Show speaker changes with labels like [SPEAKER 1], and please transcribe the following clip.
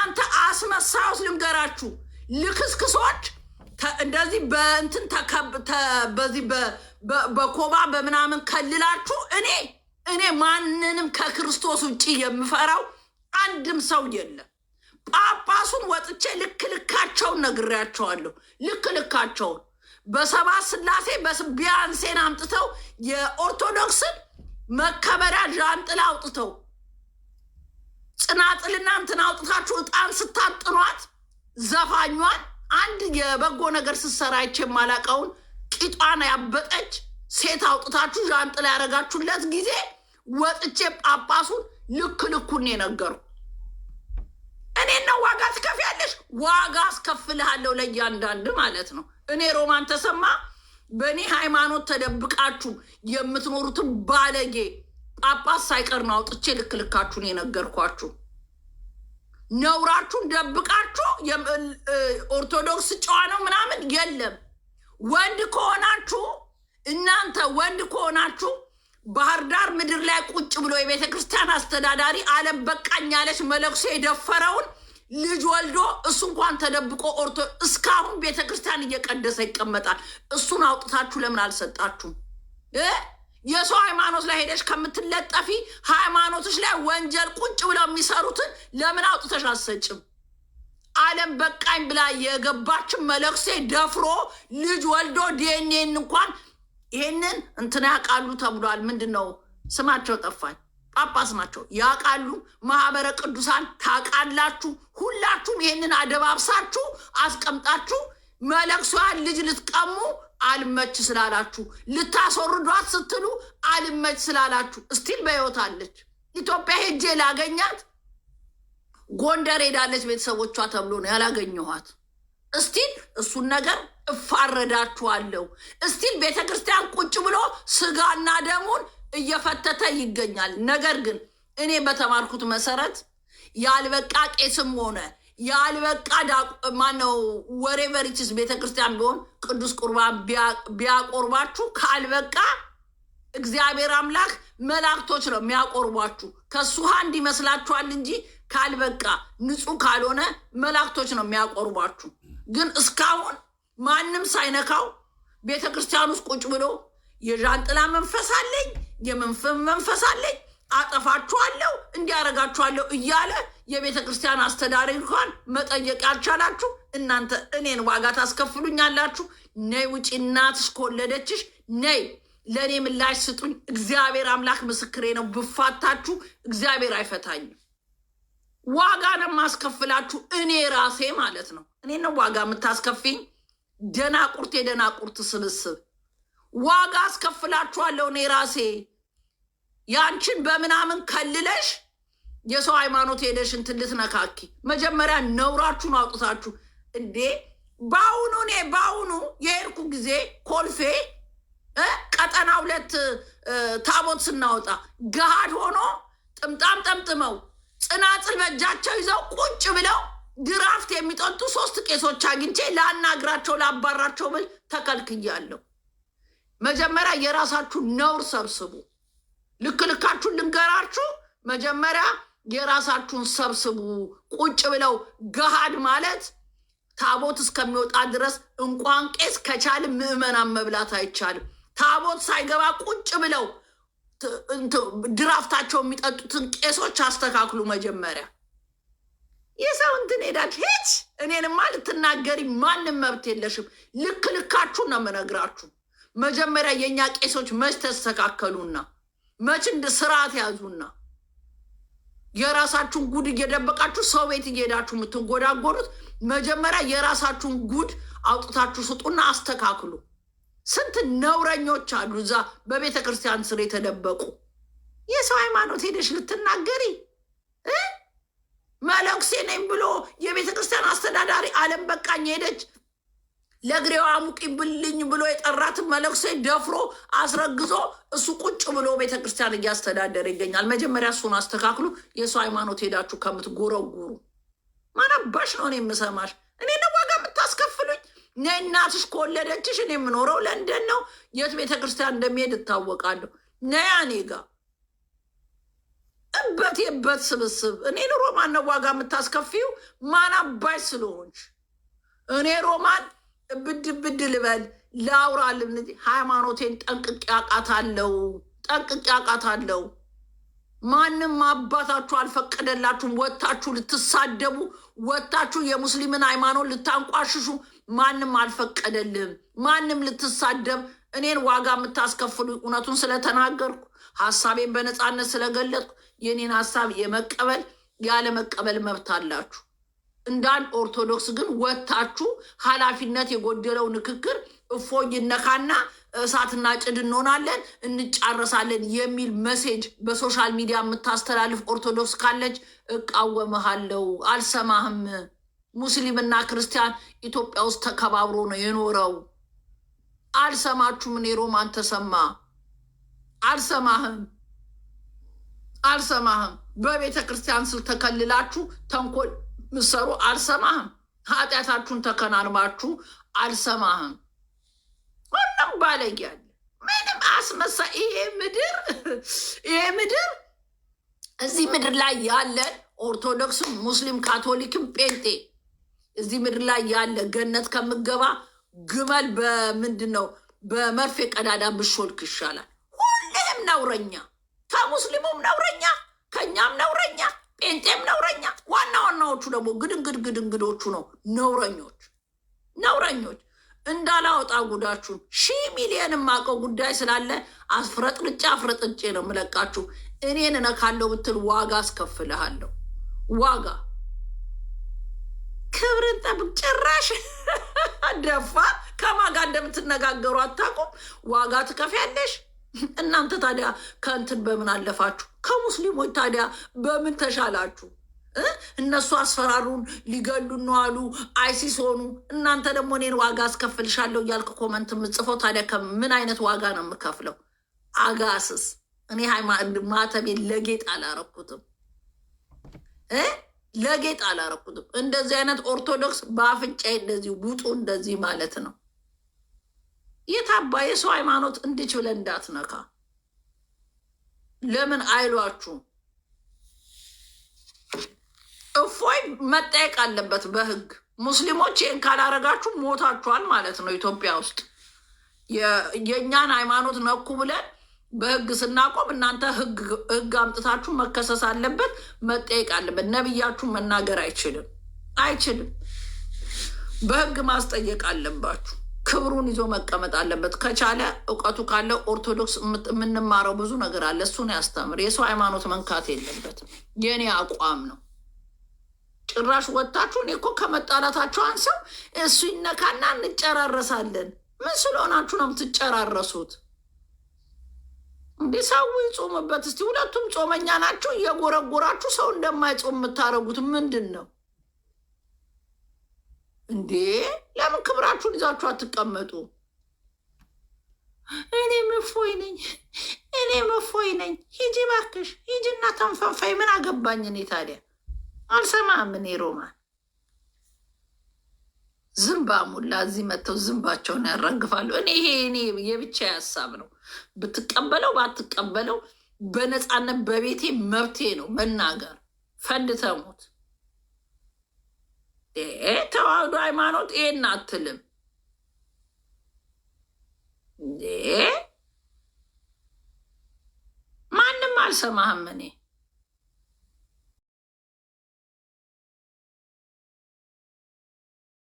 [SPEAKER 1] እናንተ አስመሳዮች ልንገራችሁ፣ ልክስክሶች እንደዚህ በእንትን በዚህ በኮባ በምናምን ከልላችሁ እኔ እኔ ማንንም ከክርስቶስ ውጭ የምፈራው አንድም ሰው የለም። ጳጳሱን ወጥቼ ልክ ልካቸውን ነግሬያቸዋለሁ። ልክ ልካቸውን በሰባት ስላሴ በቢያንሴን አምጥተው የኦርቶዶክስን መከበሪያ ዣንጥላ አውጥተው ጽናጽልና እንትን አውጥታችሁ እጣን ስታጥኗት ዘፋኟን አንድ የበጎ ነገር ስትሰራች የማላቀውን ቂጧን ያበጠች ሴት አውጥታችሁ ዣንጥላ ያደረጋችሁለት ጊዜ ወጥቼ ጳጳሱን ልክ ልኩን የነገሩ እኔ ነው ዋጋ ትከፍያለሽ። ዋጋ አስከፍልሃለሁ ለእያንዳንድ ማለት ነው። እኔ ሮማን ተሰማ በእኔ ሃይማኖት ተደብቃችሁ የምትኖሩትን ባለጌ ጳጳስ ሳይቀር ነው አውጥቼ ልክ ልካችሁን የነገርኳችሁ። ነውራችሁን ደብቃችሁ ኦርቶዶክስ ጨዋ ነው ምናምን የለም። ወንድ ከሆናችሁ እናንተ ወንድ ከሆናችሁ ባህር ዳር ምድር ላይ ቁጭ ብሎ የቤተ ክርስቲያን አስተዳዳሪ አለም በቃኝ ያለች መለኩሴ የደፈረውን ልጅ ወልዶ እሱ እንኳን ተደብቆ ኦርቶ እስካሁን ቤተ ክርስቲያን እየቀደሰ ይቀመጣል። እሱን አውጥታችሁ ለምን አልሰጣችሁም? የሰው ሃይማኖት ላይ ሄደሽ ከምትለጠፊ ሃይማኖቶች ላይ ወንጀል ቁጭ ብለው የሚሰሩትን ለምን አውጥተሽ አሰጭም? ዓለም በቃኝ ብላ የገባችን መለክሴ ደፍሮ ልጅ ወልዶ ዲኤንኤን እንኳን ይህንን እንትን ያውቃሉ ተብሏል። ምንድን ነው ስማቸው ጠፋኝ፣ ጳጳስ ናቸው ያውቃሉ። ማህበረ ቅዱሳን ታውቃላችሁ። ሁላችሁም ይህንን አደባብሳችሁ አስቀምጣችሁ መለክሷን ልጅ ልትቀሙ አልመች ስላላችሁ ልታስወርዷት ስትሉ አልመች ስላላችሁ እስቲል በሕይወት አለች። ኢትዮጵያ ሄጄ ላገኛት ጎንደር ሄዳለች ቤተሰቦቿ ተብሎ ነው ያላገኘኋት። እስቲል እሱን ነገር እፋረዳችኋለሁ። እስቲል ቤተ ክርስቲያን ቁጭ ብሎ ስጋና ደሙን እየፈተተ ይገኛል። ነገር ግን እኔ በተማርኩት መሰረት ያልበቃ ቄስም ሆነ ያልበቃ ማነው ወሬ ቤተክርስቲያን ቢሆን ቅዱስ ቁርባን ቢያቆርባችሁ ካልበቃ እግዚአብሔር አምላክ መላእክቶች ነው የሚያቆርቧችሁ። ከሱ አንድ ይመስላችኋል እንጂ ካልበቃ ንጹህ ካልሆነ መላእክቶች ነው የሚያቆርቧችሁ። ግን እስካሁን ማንም ሳይነካው ቤተክርስቲያን ውስጥ ቁጭ ብሎ የዣንጥላ መንፈስ አለኝ የመንፈስ መንፈስ አለኝ አጠፋችኋለሁ እንዲያረጋችኋለሁ እያለ የቤተ ክርስቲያን አስተዳሪ እንኳን መጠየቅ ያልቻላችሁ እናንተ እኔን ዋጋ ታስከፍሉኛላችሁ። ነይ ውጪ፣ እናትሽ ከወለደችሽ ነይ ለእኔ ምላሽ ስጡኝ። እግዚአብሔር አምላክ ምስክሬ ነው። ብፋታችሁ እግዚአብሔር አይፈታኝም። ዋጋ ነው የማስከፍላችሁ እኔ ራሴ ማለት ነው። እኔ ነው ዋጋ የምታስከፊኝ። ደናቁርት፣ የደናቁርት ስብስብ ዋጋ አስከፍላችኋለሁ እኔ ራሴ ያንቺን በምናምን ከልለሽ የሰው ሃይማኖት ሄደሽ እንትን ልትነካኪ መጀመሪያ ነውራችሁን አውጥታችሁ እንዴ! በአሁኑ እኔ በአሁኑ የሄድኩ ጊዜ ኮልፌ ቀጠና ሁለት ታቦት ስናወጣ ገሃድ ሆኖ ጥምጣም ጠምጥመው ጽናጽል በእጃቸው ይዘው ቁጭ ብለው ድራፍት የሚጠጡ ሶስት ቄሶች አግኝቼ ላናግራቸው ላባራቸው ብል ተከልክያለሁ። መጀመሪያ የራሳችሁ ነውር ሰብስቡ። ልክ ልካችሁን ልንገራችሁ። መጀመሪያ የራሳችሁን ሰብስቡ። ቁጭ ብለው ገሃድ ማለት ታቦት እስከሚወጣ ድረስ እንኳን ቄስ ከቻል ምዕመናን መብላት አይቻልም። ታቦት ሳይገባ ቁጭ ብለው ድራፍታቸው የሚጠጡትን ቄሶች አስተካክሉ። መጀመሪያ የሰው እንትን ሄዳል ሄች እኔንማ ልትናገሪ ማንም መብት የለሽም። ልክ ልካችሁ ነው የምነግራችሁ። መጀመሪያ የእኛ ቄሶች መች ተስተካከሉና መች እንደ ስርዓት ያዙና የራሳችሁን ጉድ እየደበቃችሁ ሰው ቤት እየሄዳችሁ የምትንጎዳጎዱት፣ መጀመሪያ የራሳችሁን ጉድ አውጥታችሁ ስጡና አስተካክሉ። ስንት ነውረኞች አሉ እዛ በቤተ ክርስቲያን ስር የተደበቁ። የሰው ሃይማኖት ሄደሽ ልትናገሪ መለኩሴ ነኝ ብሎ የቤተ ክርስቲያን አስተዳዳሪ አለም በቃኝ ሄደች ለእግሬው ብልኝ ብሎ የጠራትን መለክሴ ደፍሮ አስረግዞ እሱ ቁጭ ብሎ ቤተክርስቲያን እያስተዳደረ ይገኛል። መጀመሪያ እሱን አስተካክሉ። የእሱ ሃይማኖት ሄዳችሁ ከምትጎረጉሩ ማናባሽ ነው እኔ የምሰማሽ። እኔ ነው ዋጋ የምታስከፍሉኝ። እኔ እናትሽ ከወለደችሽ እኔ የምኖረው ለንደን ነው። የት ቤተክርስቲያን እንደሚሄድ እታወቃለሁ። ነያ እኔ ጋ እበት የበት ስብስብ እኔ ሮማን ነው ዋጋ የምታስከፊው ማናባሽ ስለሆንሽ እኔ ሮማን ብድ ብድ ልበል ለአውራ ልም ሃይማኖቴን ጠንቅቄ አውቃታለሁ፣ ጠንቅቄ አውቃታለሁ። ማንም አባታችሁ አልፈቀደላችሁም። ወታችሁ ልትሳደቡ፣ ወታችሁ የሙስሊምን ሃይማኖት ልታንቋሽሹ ማንም አልፈቀደልም። ማንም ልትሳደብ እኔን ዋጋ የምታስከፍሉ እውነቱን ስለተናገርኩ ሀሳቤን በነፃነት ስለገለጥኩ የኔን ሀሳብ የመቀበል ያለመቀበል መብት አላችሁ። እንዳንድ ኦርቶዶክስ ግን ወታችሁ ኃላፊነት የጎደለው ንክክር እፎይ ይነካና እሳትና ጭድ እንሆናለን እንጫረሳለን የሚል መሴጅ በሶሻል ሚዲያ የምታስተላልፍ ኦርቶዶክስ ካለች እቃወመሃለው። አልሰማህም። ሙስሊምና ክርስቲያን ኢትዮጵያ ውስጥ ተከባብሮ ነው የኖረው። አልሰማችሁም። እኔ ሮማን ተሰማ አልሰማህም፣ አልሰማህም። በቤተ ክርስቲያን ተከልላችሁ ተንኮል ምሰሩ አልሰማህም። ኃጢአታችሁን ተከናንባችሁ አልሰማህም። ሁሉም ባለያለ ምንም አስመሳ ይሄ ምድር ይሄ ምድር እዚህ ምድር ላይ ያለ ኦርቶዶክስም፣ ሙስሊም፣ ካቶሊክም ጴንጤ እዚህ ምድር ላይ ያለ ገነት ከምገባ ግመል በምንድን ነው በመርፌ ቀዳዳ ብሾልክ ይሻላል። ሁልህም ነውረኛ፣ ከሙስሊሙም ነውረኛ፣ ከእኛም ነውረኛ፣ ጴንጤም ነውረኛ፣ ዋናዎቹ ደግሞ ግድንግድ ግድንግዶቹ ነው። ነውረኞች ነውረኞች እንዳላወጣ ጉዳችሁን ሺህ ሚሊየን የማውቀው ጉዳይ ስላለ አፍረጥርጬ አፍረጥጬ ነው የምለቃችሁ። እኔን እነካለው ብትል ዋጋ አስከፍልሃለሁ። ዋጋ ክብርን ጠብ ጭራሽ ደፋ ከማጋ እንደምትነጋገሩ አታውቁም። ዋጋ ትከፍያለሽ። እናንተ ታዲያ ከእንትን በምን አለፋችሁ? ከሙስሊሞች ታዲያ በምን ተሻላችሁ? እነሱ አስፈራሩን፣ ሊገሉን ነው አሉ፣ አይሲስ ሆኑ። እናንተ ደግሞ እኔን ዋጋ አስከፍልሻለሁ እያልክ ኮመንት የምጽፈው ታዲያ ምን አይነት ዋጋ ነው የምከፍለው? አጋስስ እኔ ማተቤን ለጌጥ አላረኩትም እ ለጌጥ አላረኩትም። እንደዚህ አይነት ኦርቶዶክስ በአፍንጫ እንደዚህ ውጡ እንደዚህ ማለት ነው። የታባ የሰው ሃይማኖት እንድች ብለን እንዳትነካ ለምን አይሏችሁም? እፎይ መጠየቅ አለበት በህግ። ሙስሊሞች ይህን ካላረጋችሁ ሞታችኋል ማለት ነው። ኢትዮጵያ ውስጥ የእኛን ሃይማኖት ነኩ ብለን በህግ ስናቆም እናንተ ህግ አምጥታችሁ መከሰስ አለበት፣ መጠየቅ አለበት። ነቢያችሁ መናገር አይችልም አይችልም። በህግ ማስጠየቅ አለባችሁ። ክብሩን ይዞ መቀመጥ አለበት። ከቻለ እውቀቱ ካለ ኦርቶዶክስ የምንማረው ብዙ ነገር አለ። እሱን ያስተምር። የሰው ሃይማኖት መንካት የለበትም። የኔ አቋም ነው። ጭራሽ ወጣችሁ እኔ እኮ ከመጣላታችሁ አንሰው እሱ ይነካና እንጨራረሳለን። ምን ስለሆናችሁ ነው የምትጨራረሱት? እንዲህ ሰው ይጾምበት። እስቲ ሁለቱም ጾመኛ ናቸው። እየጎረጎራችሁ ሰው እንደማይጾም የምታደርጉት ምንድን ነው እንዴ? ለምን ክብራችሁን ይዛችሁ አትቀመጡ? እኔ እፎይ ነኝ፣ እኔ እፎይ ነኝ። ሂጂ እባክሽ ሂጂና ተንፈንፋይ። ምን አገባኝ እኔ ታዲያ አልሰማም። እኔ ሮማን ዝምባ ሙላ እዚህ መጥተው ዝምባቸውን ያራግፋሉ። እኔ ይሄ እኔ የብቻ ሀሳብ ነው። ብትቀበለው ባትቀበለው በነፃነት በቤቴ መብቴ ነው መናገር። ፈንድ ተሞት ተዋህዶ ሃይማኖት ይሄን አትልም። ማንም አልሰማህም እኔ